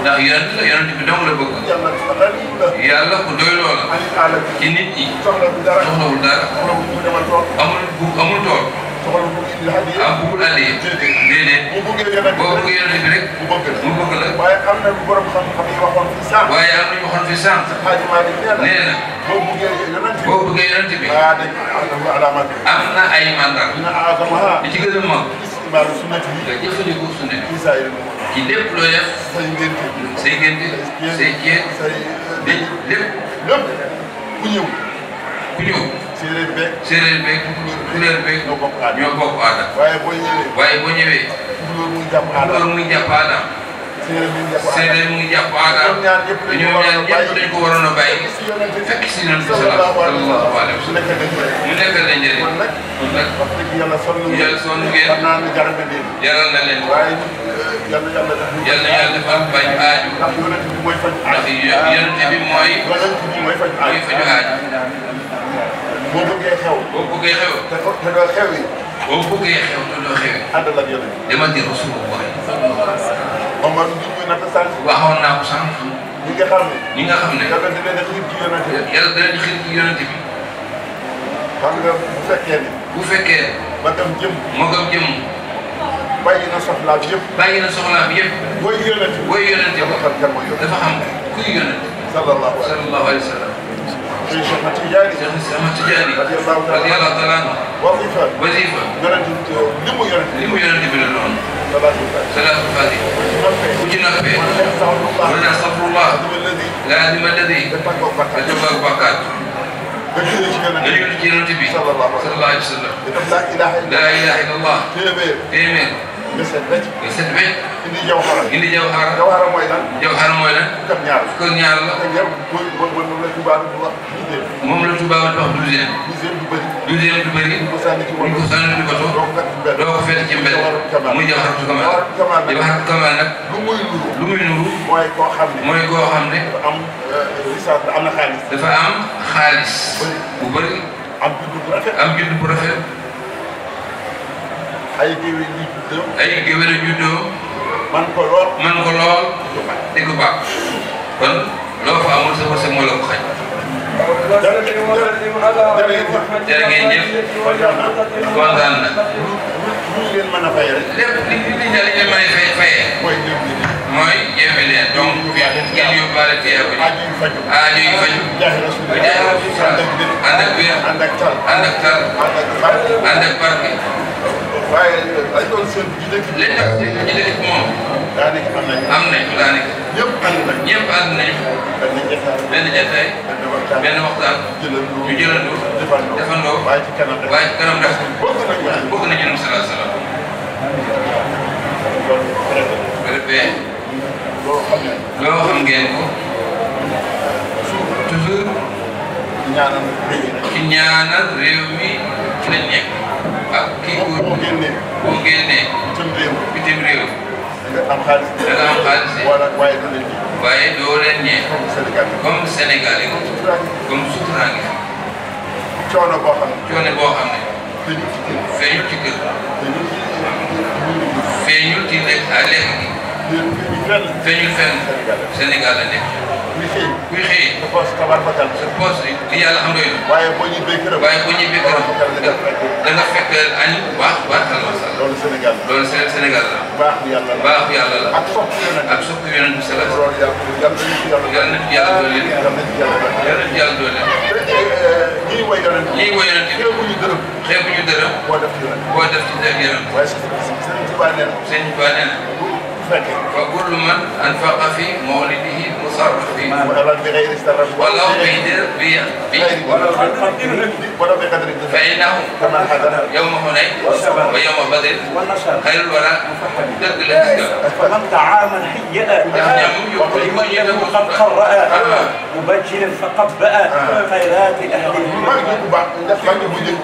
ndax yonent la nit ñi. soxlawul dara soxlawul dara. amul bu amul ah bëggul àlli yi. déedéet boo bëggee yonent bi rek mu bëgg la. waaye am na borom xam-xam yi waxoon fi sànq. waaye am na ñu waxoon fi sànq. nee na boo bëggee yonent bi. am na ay mandat. li ci gën a mag. nga jëfandikoo sunna bi. ci lépp looy def say ngénte say ngénte say jéeg euh, lépp lépp ku ñëw ku ñëw. séeréer beeg séeréer beeg tukulóor beeg ñoo bokk aada ñoo bokk aada waaye boo ñëwee waaye boo ñëwee tukulóor muy jàpp aada tukulóor muy jàpp aada séeréer mu ngi jàpp aada ñoom ñaar ñëpp dañ ko waroon a bàyyi fekk si nañ ko sallallahu alayhi wa sallam mu nekk lañ njëriñ kon nag yàlla sonn ngeen jaral na leen euh, yàlla yàlla defal bañ aaju ndax yonent bi mooy faj aaju mooy faj aaju boo bëggee xew. boo bëggee xew. te fo te doo xew yi. boo bëggee xew te doo xew yi. àndal ak yonent bi. dama jël suñu wax yi. Omar nit ñi naka sànq. waxoon naa ko sànq. ñi nga xam ne. ñi nga xam ne. yàlla dinañ xiir ci yonent bi. yàlla dinañ xiir ci yonent bi. xam nga bu fekkee ni. bu fekkee. magam jëm. magam jëm. bàyyi na soxlaam yëpp. bàyyi na soxlaam yëpp. booy yonent. booy yonent dafa xam kan mooy yonent. dafa xam kuy yonent. sallallahu alayhi wa sallam. muy Cheikh Ahmad Tidiane. Cheikh Ahmad Tidiane. radiyallahu taala anhu. wasifa. wasifa. yonent li mu yonent. li mu yonent bi la noonu. salaatu faati. bu ci noppee. mën na safrullah. laazima alladi. dafa bakkaat. nga julli ci yonent bi. nga julli ci yonent bi. sallallahu alayhi wa sallam. laa ilaaha illallah. téeméer. téeméer. nga seet wecc nga seet wecc indi jaw xaaral indi jaw xaaral jaw xaaral mooy lan jaw xaaral mooy lan fukk ak ñaar fukk ak la ak yow moom la tubaab moom la tubaab di wax du bëri douzième du bëri ko sànni ci ko sànni ci bato doo ko fekk ci mbedd muy jaw xaaral kamal jaw xaaral kamal nag lu lu muy nuru mooy koo xam ne euh, dafa am xaalis bu bëri am judd bu bu rafet ay géwél yu juddoo. man ko lool. man ko lool. di ko baax kon loo fa amul sa moo la ko xañ. jërë ngeen jëf kontaan na. lépp li li li li mën a fay fayee. mooy jéem a leen donc ngeen yóbbaale tey ak aajo yu faju. aajo yu faju. ànd ak wér ànd ak tal ànd ak barke waaye dañ doon séntu ci dëkk bi. léegi nag dëkk bi ci dëkk moom. daanaka am nañu. am nañu daanaka. ñëpp ànd nañu. ñëpp ànd nañu. benn jotaay. benn jotaay. ngeen ko. loolu xam ngeen ko. toujours. ak kii bu boo génnee. boo génnee. bitim réew. bitim réew. da nga am xaalis. da nga am xaalis waaye doo leen ñee. waaye doo leen ñee. comme Sénégal comme Sénégal yi. comme sutura ngi coono boo xam ne. coono boo xam ne. feeñul ci kër. feeñul ci lekk à lekk gi. feeñul fenn. Sénégal la nekk. muy xëy muy xëy je pense tabarfakal je pense li yàlla am doy na waaye boo ñibbee këram waaye boo ñibbee këram da nga fekk añ bu baax baax almasa loolu Sénégal loolu Sénégal la baaxu yàlla la baaxu yàlla la ak sopp yonent ak sopp yonent bi sala loolu yàlla na yàlla doole yàlla na yàlla doole eh, ñii woy yonent ñii woy yonent xeebuñu dërëm xeebuñu dërëm boo def ci yonent boo def ci yonent waaye sëñ Tuubaa nee na sëñ Tuubaa nee na وكل من أنفق في مولده مصرف ولو بغير استرف ولو بقدر ولو بقدر فإنه كما حضر يوم هنين ويوم بدر خير الولاء دق الأسكار فمن تعامل حيئا ومن يده قد قرأ مبجلا فقد بأ خيرات أهل المدينة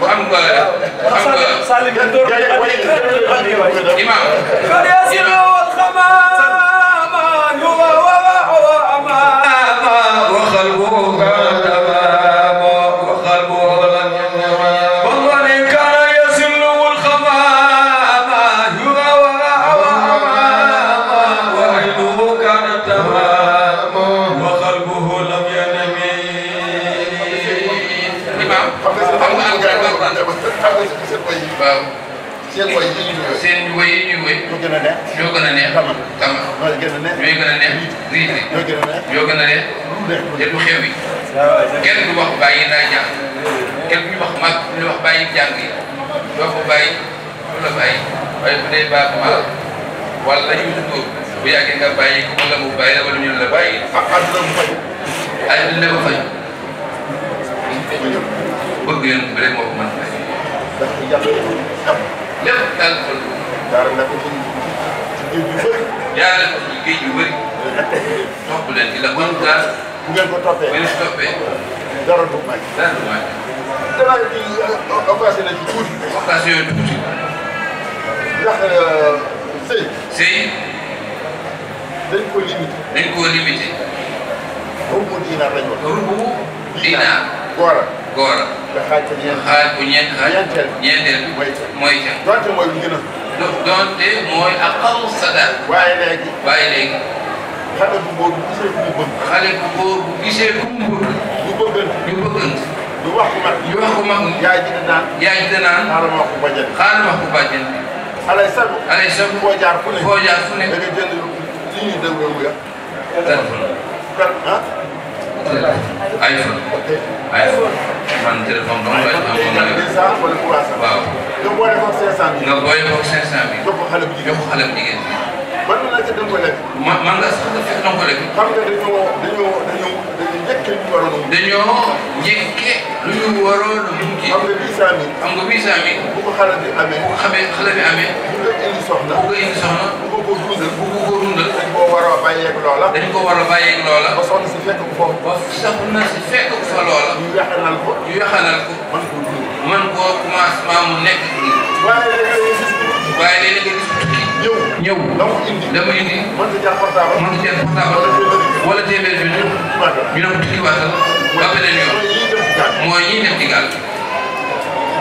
وأما وأما سالم الدور إمام وخلقه te du xew yi kenn du wax bàyyi naa jàng kenn du ñu wax mag du ñu wax bàyyi jàng yi doo ko bàyyi du la bàyyi waaye bu dee baax maal wala ñu góor bu yàggee nga bàyyi ko wala mu bàyyi la wala ñu la bàyyi àdduna mu faj àdduna ko faj bëgg yéen bi rek moo ko mën a faj lépp daal ko jaarale ko ci géej yu bëri topp leen ci la bonne place bu ngeen ko toppee. bu ngeen ko toppee. dara du mag. dara du mag. dara bi euh, occasion na ci tuuti. occasion na tuuti. ndax euh, sëy. sëy. dañ ko limité. dañ ko limité. ruubu diinaar lañ ko. ruubu diinaar. góora. góora. nga xaaj ko ñeent. xaaj ko ñeent xaaj. ñeenteel ñeenteel bi mooy ca. mooy ca donte mooy lu gën a. donte mooy aqal sadaq. waaye léegi. waaye léegi. xale bu góor bu gisee ku mu bëgg. xale bu góor bu gisee ku mu bëgg. ñu bëggant ñu bëggant. ñu wax ko mag ñu wax ko mag. yaay ji danaan yaay ji danaan. xaaral ma wax ko bàjjen xaaral ma wax ko bàjjen. alay sago alay sago foo jaar fu ne foo jaar fu ne. da nga jënd li ñuy déglu wu ya. téléphone per ah. iPhone. iPhone. man téléphone dong laay am. waaw. nga boole ko 500000. nga boole ko 500000. jox ko xale bu jigéen jox ko xale bu jigéen. man mii laajte dañ ko lekk. man man la sax dafa fekk ko lekk. xam lu ñu waroon a. dañoo njëkk lu ñu a mujj. xam bu ko xale bi amee. bu ko xamee xale bi amee. bu ko indi soxna. bu ko indi soxna. bu ko ko dundal. bu ko ko dundal. dañ koo war a ko war a bàyyeeg loola. ba soxna si fekk ko foofu. ba soxna si fekk ko fa loola. ñu yaxanal ko. ñu yaxanal ko. man koo dund. man koo mu nekk. waaye léeg-léeg nga gis. waaye léeg-léeg nga gis. ñëw ñëw la mu indi la mu indi mënut a jàpp portable mënut a jàpp portable wala téeméer bi ñu ñu ne ko tukkiwaatal ba beneen yoon mooy ñiy dem ci gaal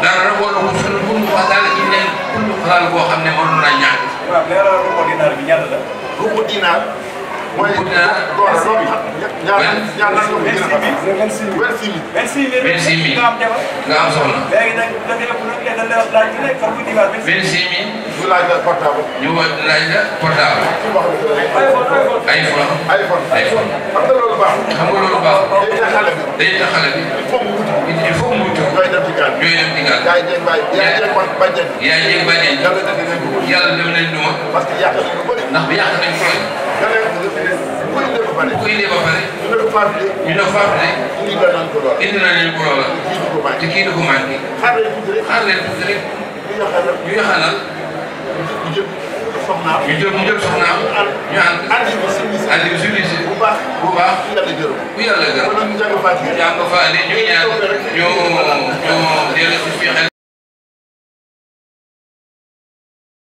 dara ko sunu pour mu xasaale ci ne pour mu xasaale boo xam ne mënoon naa ñàkk. waaw leeralal ko dinaar bi ñaata la. ko dinaar. mooy ñaar nga am soxna. léegi nag da nga yëpp da nga laaj bi rek foofu di laaj. vingt six mille. ñu laaj la portable. ñu laaj la portable. iPhone iPhone iPhone. xam nga loolu baax. xam nga loolu baax. day tax xale bi. day tax xale bi. il faut mu wuti. il faut mu wuti. ñooy dem ci gaal bi ñooy dem ci gaal bi. yaay jéeg bàyyi yaay jéeg bàjjen. yaay jéeg bàjjen. yàlla def nañ duma. parce que yàq nañ ko bëri. ndax bi yàq nañ ko kuyde ba pare ino fafde indinanen ko loola te kiiɗo ko manki har len tuuti rek ñu yaxanal ñu jóg ñu jóg soxnaam ñu ànd ànd bi siblisé bu baax ku yàlla gërëm jàng faati ñu ñaan ñu ñu dellu si fi xel